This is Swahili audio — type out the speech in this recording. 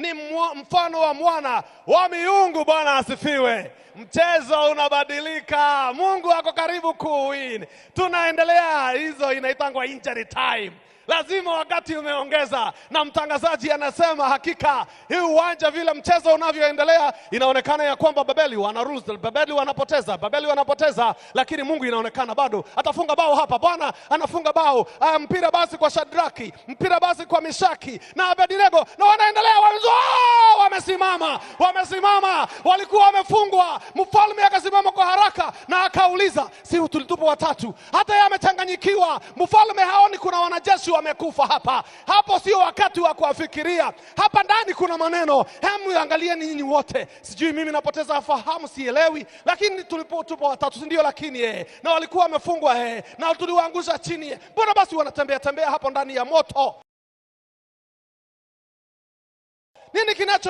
ni mfano wa mwana wa miungu. Bwana asifiwe. Mchezo unabadilika, Mungu ako karibu kuwin. Tunaendelea hizo, inaitangwa injury time. Lazima wakati umeongeza, na mtangazaji anasema hakika hii uwanja, vile mchezo unavyoendelea, inaonekana ya kwamba Babeli wana lose, Babeli wanapoteza, Babeli wanapoteza, lakini Mungu inaonekana bado atafunga bao hapa. Bwana anafunga bao. Mpira basi kwa Shadraki, mpira basi kwa Mishaki na Abednego na wamesimama, wamesimama, walikuwa wamefungwa. Mfalme akasimama kwa haraka na akauliza, si tulitupa watatu? Hata yeye amechanganyikiwa. Mfalme haoni kuna wanajeshi wamekufa hapa. Hapo sio wakati wa kuwafikiria, hapa ndani kuna maneno. Hemu angalie ninyi wote, sijui mimi napoteza fahamu, sielewi, lakini tulipotupa watatu, si ndio? Lakini eh, na walikuwa wamefungwa, eh, na tuliwaangusha chini. Eh. Mbona basi wanatembea tembea hapo ndani ya moto? Nini kinacho